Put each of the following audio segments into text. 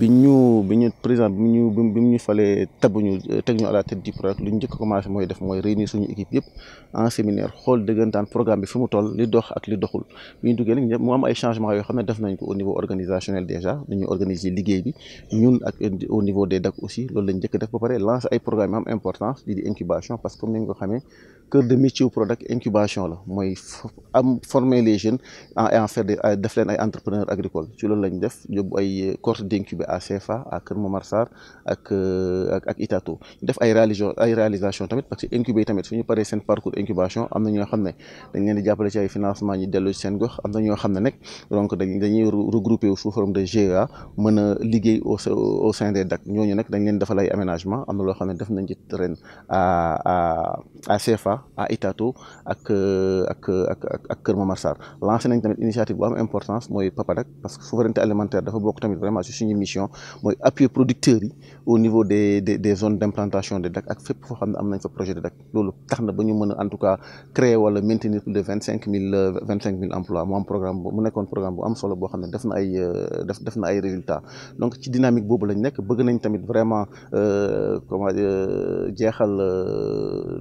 bi ñu bi ñu président bi ñu bi ñu falee tabuñu teg ñu à la tête du projet lu ñu njëkk commencé mooy def mooy réunir suñu équipe yëpp en séminaire xool dëggantaan programme bi fi mu toll li dox ak li doxul bi ñu duggee nag ñëpp mu am ay changements yoo xam def nañ ko au niveau organisationnel déjà dañuy organiser liggéey bi ñun ak au niveau des DAC aussi loolu lañ njëkk def ba pare lancer ay programme am importance lii di incubation parce que comme ni nga ko cœur de métier wu Prodac incubation la moy am former les jeunes en en faire def leen ay entrepreneur agricole ci loolu lañ def job ay cohorte d'incubé à CFA à Kër Momar Sarr ak euh, ak ak Itato def ay réalisation ay réalisation tamit parce que incubé tamit suñu paré sen parcours incubation am na ñoo xam ne dañ leen di jappalé ci ay financement ñi delu ci seen gox am na ñoo xam ne donc dañ dañuy regrouper sous forme de GA e mën a liggéey au au sein des DAC ñoñu nak dañ leen defal ay aménagement am na loo xam def nañ ci ren à à à CFA Touba à Itato euh, ak ak ak ak Kër Momar Sarr lancé nañ tamit initiative bu am importance mooy PAPADAC parce que souveraineté alimentaire dafa bokk tamit vraiment ci suñu mission mooy appuyer producteurs yi au niveau des des des zones d'implantation de DAC ak fépp foo xam ne projet de DAC nous tax en tout cas créer wala maintenir plus de 25 000 25 000 emplois mu am programme bu mu programme bu am solo boo xam ne ay euh, ay résultats donc ci dynamique boobu lañ nek bëgg nañ tamit vraiment euh, comment euh, jeexal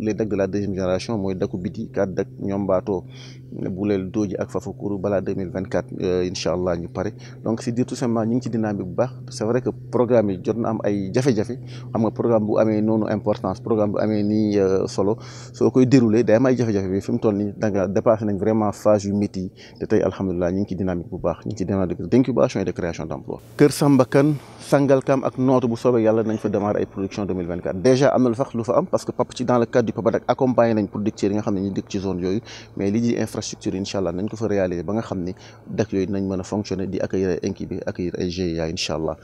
les DAC de la deuxième génération mooy DACu Biti kat DAC Bato. Boulel Dodji ak Fafacourou balaa deux mille vingt euh, allah ñu pare donc si dire tout simplement ñu ngi ci dynamique bu baax c' est vrai que programme yi jot na am ay jafe-jafe xam nga programme bu amee noonu importance programme bu amee nii euh, solo soo koy déroulé day am ay jafe-jafe bi fi mu toll nii da nga dépassé nañ vraiment phase yu métti yi te tey alhamdulilah ñu ngi ci dynamique bu baax ñu ngi ci dynamique d' incubation et de création d' emploi. Kër Sambakan Kane Sangalkam ak Nooto bu soobee yàlla nañ fa démarrer ay production 2024 déjà am na lu lu fa am parce que papa ci dans le cadre du PAPADAC accompagné nañ production yi nga xam ne ñu dëkk ci zone yooyu mais li infrastructure incha allah nañ ko fa réaliser ba nga xam ni dëkk yooyu nañ mën a fonctionner di accueillir ay incubi accueillir ay GIA incha allah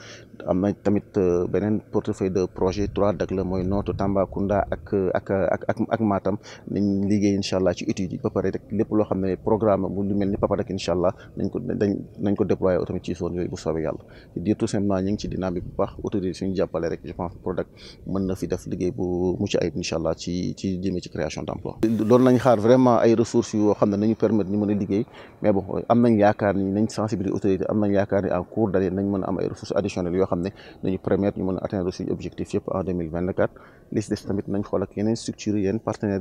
am na tamit euh, beneen portefeuille de projet trois dëkk la mooy Nooto Tambacounda ak ak ak ak ak Matam nañ liggéey incha allah ci études yi ba pare rek lépp loo xam ne programme bu lu mel ni papa rek incha allah nañ ko ko déployer tamit ci zone yooyu bu soobee yàlla dire tout simplement ñu ngi ci dynamique bu baax autorité suñu jàppale rek je pense Prodac ci ci jëmee ci création d'emploi loolu nous permettre de nous mais bon avons une sensibilité ni sensibiliser autorité am nañ en cours d'année nous avons des ressources additionnelles nous nous permettre d'atteindre mën en 2024 Nous si des tamit nañ ak structures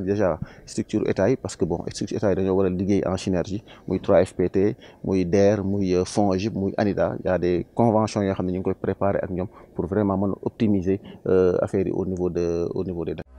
déjà structure état parce que bon structure état yi dañoo war en synergie a 3FPT muy DER Fonds FONGIP muy ANIDA il y a des conventions que nous avons préparées pour vraiment optimiser l'affaire euh, au niveau de au